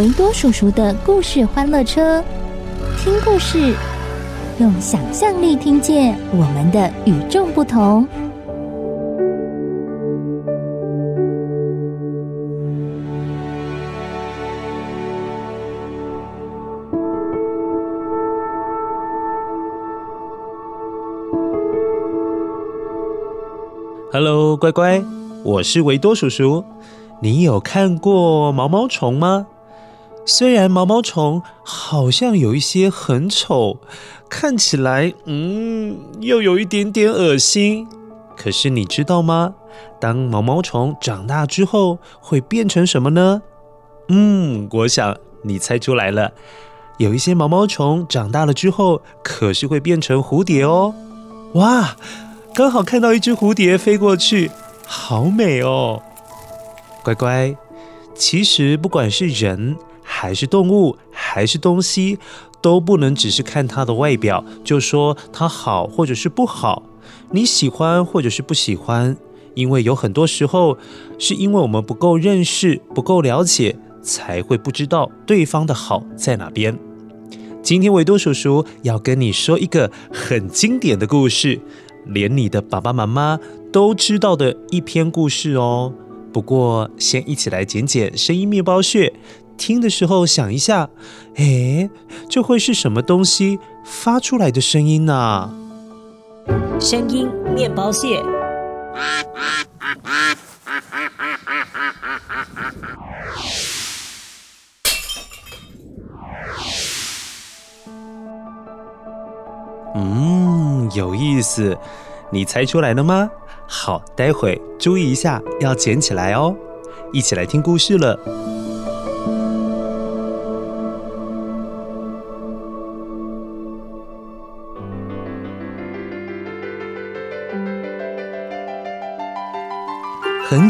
維多叔叔的故事歡樂車，聽故事，用想象力聽見我們的與眾不同。Hello，乖乖，我是維多叔叔。你有看過毛毛蟲嗎？雖然毛毛蟲好像有一些很醜，看起來，嗯，又有一點點噁心。可是你知道嗎？當毛毛蟲長大之後，會變成什麼呢？嗯，我想你猜出來了。有一些毛毛蟲長大了之後，可是會變成蝴蝶哦。哇，剛好看到一隻蝴蝶飛過去，好美哦。乖乖，其實不管是人，還是動物，還是東西，都不能只是看它的外表就說它好或者是不好，你喜歡或者是不喜歡，因為有很多時候是因為我們不夠認識、不夠了解，才會不知道對方的好在哪邊。今天維多叔叔要跟你說一個很經典的故事，連你的爸爸媽媽都知道的一篇故事哦。不過先一起來撿撿聲音麵包屑。聽的時候想一下，哎，這會是什麼東西發出來的聲音呢？啊？聲音，麵包屑。嗯，有意思，你猜出來了嗎？好，待會注意一下，要撿起來哦。一起來聽故事了。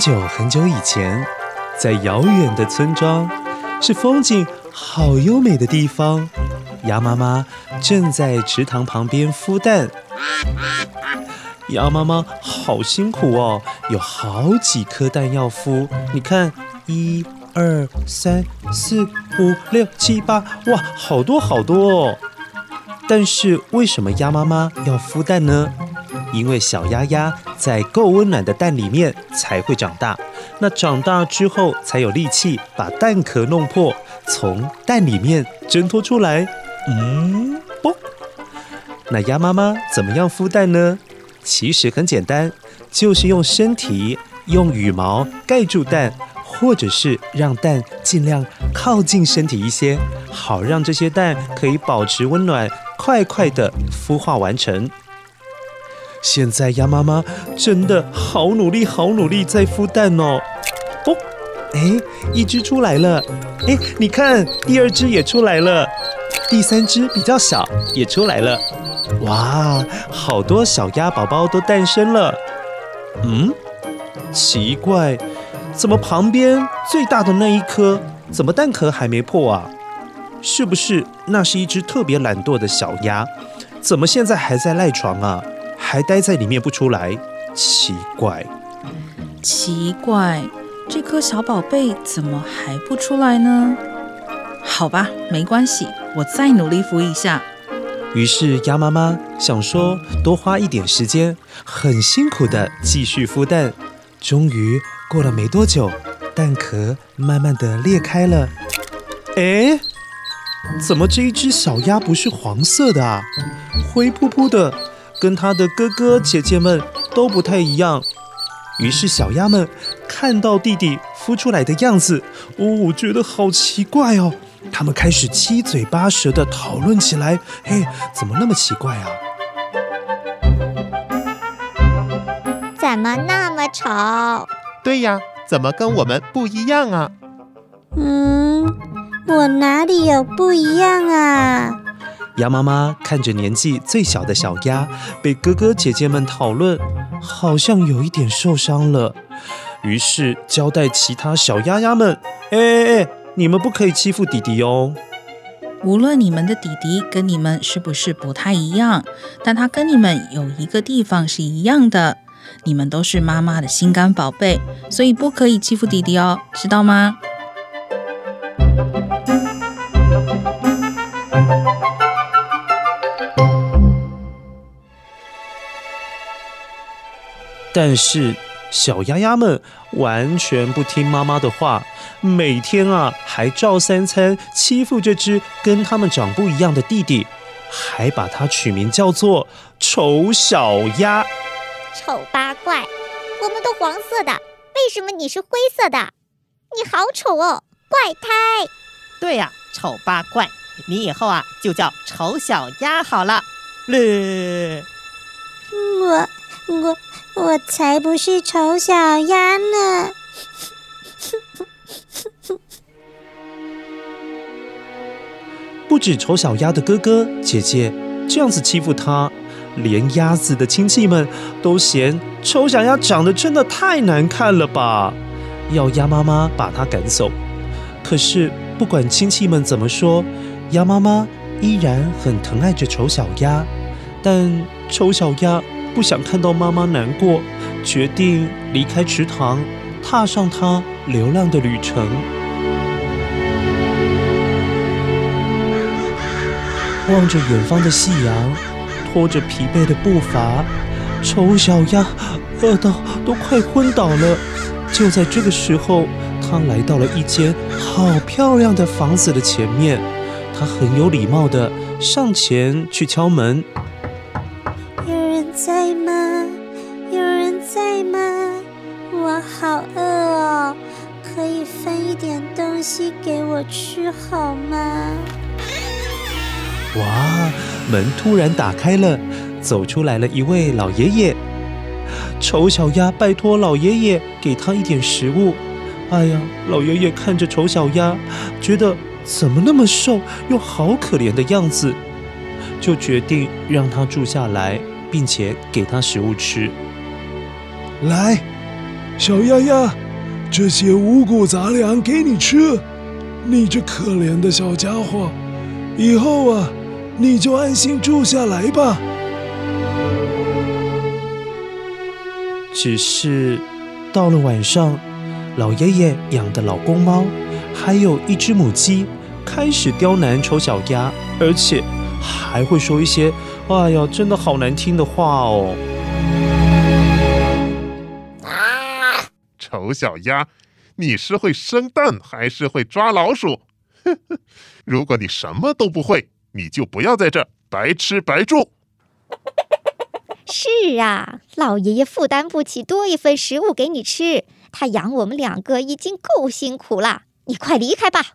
很久很久以前，在遙遠的村莊，是風景好優美的地方。鴨媽媽正在池塘旁邊孵蛋。鴨媽媽好辛苦哦，有好幾顆蛋要孵。你看，一、二、三、四、五、六、七、八，哇，好多好多哦！但是為什麼鴨媽媽要孵蛋呢？因為小鴨鴨在夠溫暖的蛋裡面才會長大，那長大之後才有力氣把蛋殼弄破，從蛋裡面掙脫出來。嗯，不，那鴨媽媽怎麼樣孵蛋呢？其實很簡單，就是用身體、用羽毛蓋住蛋，或者是讓蛋儘量靠近身體一些，好讓這些蛋可以保持溫暖，快快的孵化完成。現在鴨媽媽真的好努力，好努力在孵蛋哦。哦，誒，一隻出來了。誒，你看，第二隻也出來了。第三隻比較小，也出來了。哇，好多小鴨寶寶都誕生了。嗯，奇怪，怎麼旁邊最大的那一顆，怎麼蛋殼還沒破啊？是不是那是一隻特別懶惰的小鴨？怎麼現在還在賴床啊？還待在裡面不出來，奇怪，奇怪，這顆小寶貝怎麼還不出來呢？好吧，沒關係，我再努力孵一下。於是鴨媽媽想說，多花一點時間，很辛苦的繼續孵蛋。終於過了沒多久，蛋殼慢慢的裂開了。哎，怎麼這一隻小鴨不是黃色的啊？灰撲撲的。跟他的哥哥姐姐們都不太一樣，於是小鴨們看到弟弟孵出來的樣子，哦，我覺得好奇怪哦。他們開始七嘴八舌的討論起來，嘿，怎麼那麼奇怪啊？怎麼那麼醜？對呀，怎麼跟我們不一樣啊？嗯，我哪裡有不一樣啊？鴨媽媽看着年紀最小的小鴨被哥哥姐姐們討論，好像有一點受傷了。於是交代其他小鴨鴨們：“哎哎哎，你們不可以欺負弟弟哦！無論你們的弟弟跟你們是不是不太一樣，但他跟你們有一個地方是一樣的，你們都是媽媽的心肝寶貝，所以不可以欺負弟弟哦，知道嗎？”但是，小鴨鴨們完全不聽媽媽的話，每天啊還照三餐欺負這隻跟他們長不一樣的弟弟，還把它取名叫做醜小鴨。醜八怪，我們都黃色的，為什麼你是灰色的？你好醜哦，怪胎！對呀、啊，醜八怪，你以後啊就叫醜小鴨好了。嘞。我我。我我才不是醜小鴨呢！ 不止醜小鴨的哥哥姐姐這樣子欺負他，連鴨子的親戚們都嫌醜小鴨長得真的太難看了吧，要鴨媽媽把它趕走。可是不管親戚們怎麼說，鴨媽媽依然很疼愛着醜小鴨。但醜小鴨，不想看到媽媽難過，決定離開池塘，踏上他流浪的旅程。望着遠方的夕陽，拖着疲憊的步伐，醜小鴨餓到都快昏倒了。就在這個時候，他來到了一間好漂亮的房子的前面，他很有禮貌的上前去敲門。在嗎？有人在嗎？我好餓哦，可以分一點東西給我吃好嗎？哇，門突然打開了，走出來了一位老爺爺。醜小鴨拜託老爺爺給他一點食物。哎呀，老爺爺看着醜小鴨，覺得怎麼那麼瘦，又好可憐的樣子，就決定讓他住下來。並且給它食物吃。來，小鴨鴨，這些五穀雜糧給你吃。你這可憐的小家伙，以後啊，你就安心住下來吧。只是到了晚上，老爺爺養的老公貓，還有一隻母雞，開始刁難醜小鴨，而且還會說一些。哎呀，真的好難聽的話哦！啊，醜小鴨，你是會生蛋還是會抓老鼠？呵呵，如果你什麼都不會，你就不要在這兒白吃白住。是啊，老爺爺負擔不起多一份食物給你吃，他養我們兩個已經夠辛苦了。你快離開吧！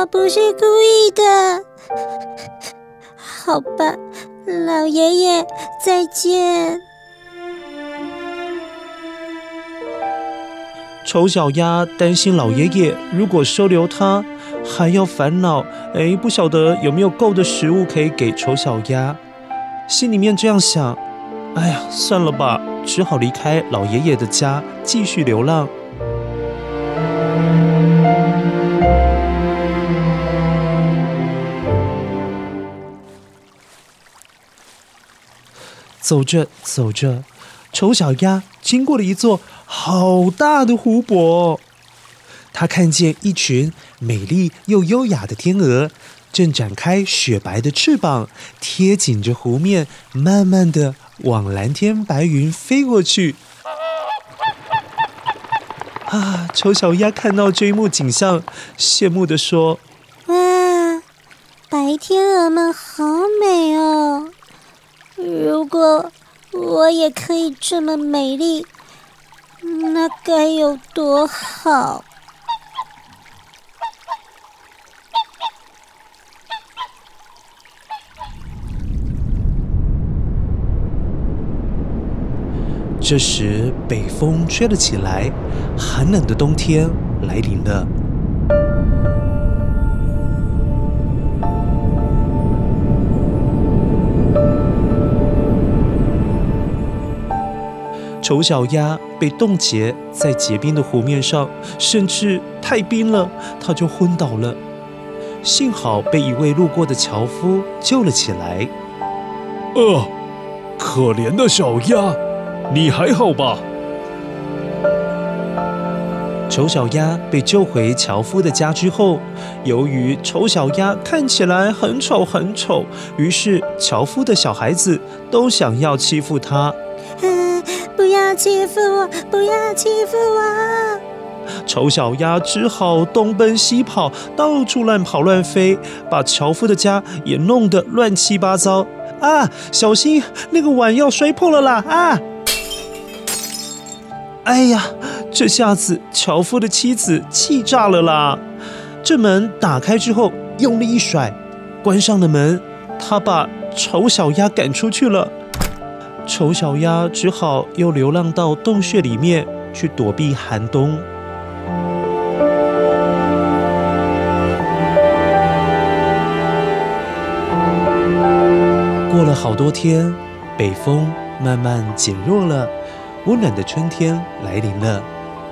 我不是故意的， 好吧，老爺爺再見。醜小鴨擔心老爺爺如果收留他還要煩惱。哎，不曉得有沒有夠的食物可以給醜小鴨，心裡面這樣想。哎呀，算了吧，只好離開老爺爺的家，繼續流浪。走着走着，醜小鴨經過了一座好大的湖泊，它看見一群美麗又優雅的天鵝，正展開雪白的翅膀，貼緊着湖面，慢慢地往藍天白雲飛過去。啊！醜小鴨看到這一幕景象，羨慕地說：“哇，白天鵝們好美哦！”如果我也可以這麼美麗，那該有多好？這時北風吹了起來，寒冷的冬天來臨了。醜小鴨被凍結在結冰的湖面上，甚至太冰了，它就昏倒了。幸好被一位路過的樵夫救了起來。呃，可憐的小鴨，你還好吧？醜小鴨被救回樵夫的家之後，由於醜小鴨看起來很醜很醜，於是樵夫的小孩子都想要欺負它。不要欺負我！不要欺負我！醜小鴨只好東奔西跑，到處亂跑亂飛，把樵夫的家也弄得亂七八糟。啊，小心那個碗要摔破了啦！啊！哎呀，這下子樵夫的妻子氣炸了啦！這門打開之後，用力一甩，關上了門，他把醜小鴨趕出去了。醜小鴨只好又流浪到洞穴裡面去躲避寒冬。過了好多天，北風慢慢減弱了，溫暖的春天來臨了。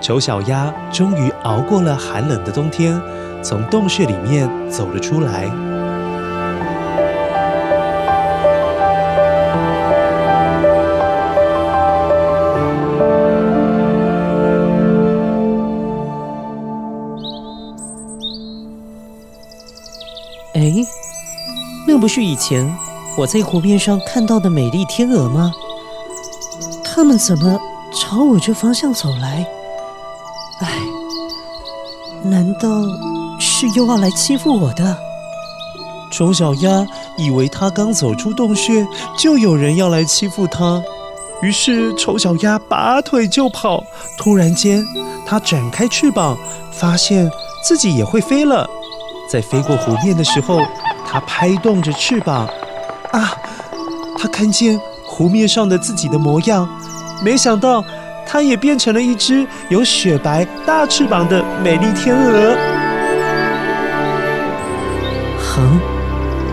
醜小鴨終於熬過了寒冷的冬天，從洞穴裡面走了出來。不是以前我在湖面上看到的美麗天鵝嗎？它們怎麼朝我這方向走來？唉，難道是又要來欺負我的？醜小鴨以為它剛走出洞穴就有人要來欺負它，於是醜小鴨拔腿就跑。突然間，它展開翅膀，發現自己也會飛了。在飛過湖面的時候，它拍動着翅膀，啊！它看見湖面上的自己的模樣，沒想到它也變成了一隻有雪白大翅膀的美麗天鵝。哼！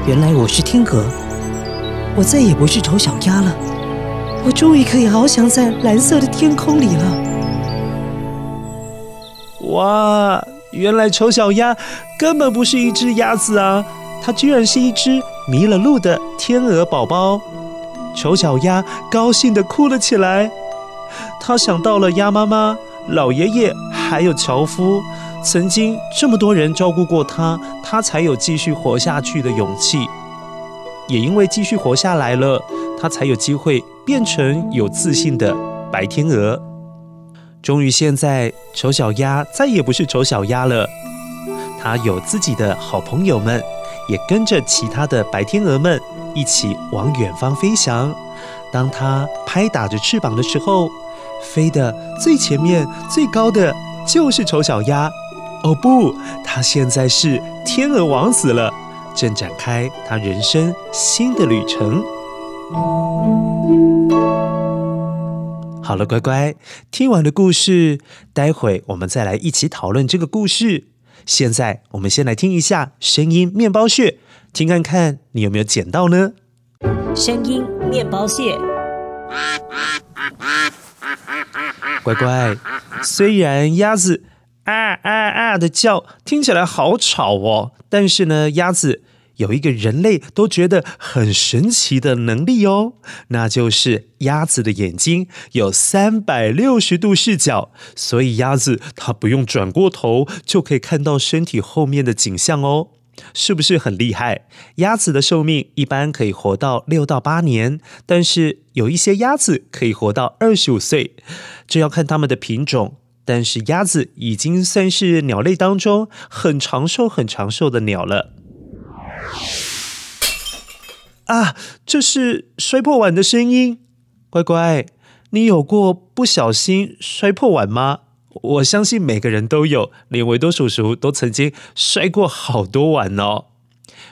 原來我是天鵝，我再也不是醜小鴨了，我終於可以翱翔在藍色的天空裡了。哇！原來醜小鴨根本不是一隻鴨子啊！它居然是一隻迷了路的天鵝寶寶，醜小鴨高興地哭了起來。它想到了鴨媽媽、老爺爺，還有樵夫，曾經這麼多人照顧過它，它才有繼續活下去的勇氣。也因為繼續活下來了，它才有機會變成有自信的白天鵝。終於，現在醜小鴨再也不是醜小鴨了，它有自己的好朋友們。也跟着其他的白天鵝們一起往遠方飛翔。當它拍打着翅膀的時候，飛的最前面、最高的就是醜小鴨。哦不，它現在是天鵝王子了，正展開他人生新的旅程。好了，乖乖，聽完了故事，待會我們再來一起討論這個故事。現在我們先來聽一下聲音麵包屑，聽看看你有沒有撿到呢？聲音麵包屑，乖乖，雖然鴨子啊啊啊啊的叫，聽起來好吵哦，但是呢，鴨子。有一個人類都覺得很神奇的能力哦，那就是鴨子的眼睛有三百六十度視角，所以鴨子它不用轉過頭就可以看到身體後面的景象哦，是不是很厲害？鴨子的壽命一般可以活到六到八年，但是有一些鴨子可以活到二十五歲，這要看它們的品種。但是鴨子已經算是鳥類當中很長壽、很長壽的鳥了。啊，這是摔破碗的聲音。乖乖，你有過不小心摔破碗嗎？我相信每個人都有，連維多叔叔都曾經摔過好多碗哦。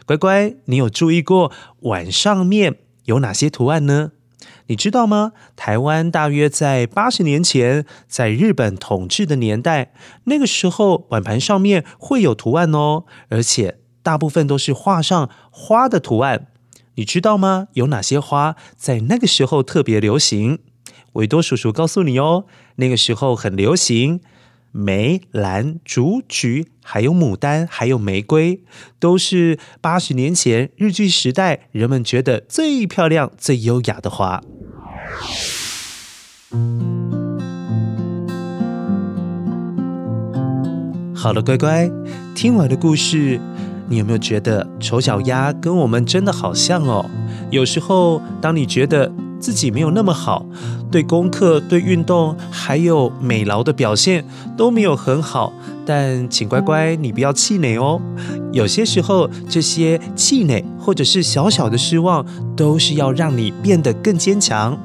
乖乖，你有注意過碗上面有哪些圖案呢？你知道嗎？台灣大約在八十年前，在日本統治的年代，那個時候碗盤上面會有圖案哦，而且。大部分都是畫上花的圖案，你知道嗎？有哪些花在那個時候特別流行？維多叔叔告訴你哦，那個時候很流行梅、蘭、竹、菊，還有牡丹，還有玫瑰，都是八十年前日治時代人們覺得最漂亮、最優雅的花。好了，乖乖，聽完了故事。你有沒有覺得醜小鴨跟我們真的好像哦？有時候，當你覺得自己沒有那麼好，對功課、對運動，還有美勞的表現都沒有很好，但請乖乖，你不要氣餒哦。有些時候，這些氣餒或者是小小的失望，都是要讓你變得更堅強。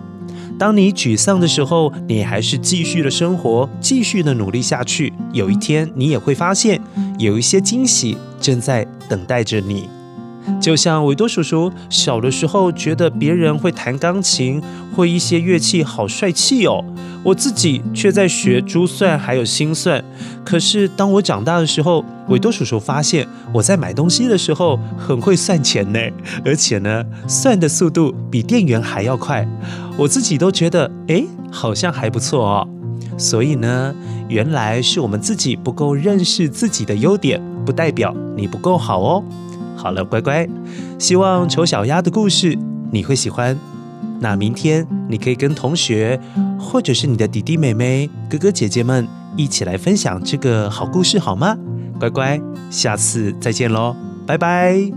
當你沮喪的時候，你還是繼續的生活，繼續的努力下去。有一天，你也會發現有一些驚喜正在等待着你。就像維多叔叔小的時候覺得別人會彈鋼琴，會一些樂器好帥氣哦，我自己卻在學珠算還有心算。可是當我長大的時候，維多叔叔發現我在買東西的時候很會算錢呢，而且呢，算的速度比店員還要快。我自己都覺得，哎，好像還不錯哦。所以呢，原來是我們自己不夠認識自己的優點，不代表你不夠好哦。好了，乖乖，希望醜小鴨的故事你會喜歡。那明天你可以跟同學，或者是你的弟弟妹妹、哥哥姐姐們一起來分享這個好故事，好嗎？乖乖，下次再見嘍，拜拜。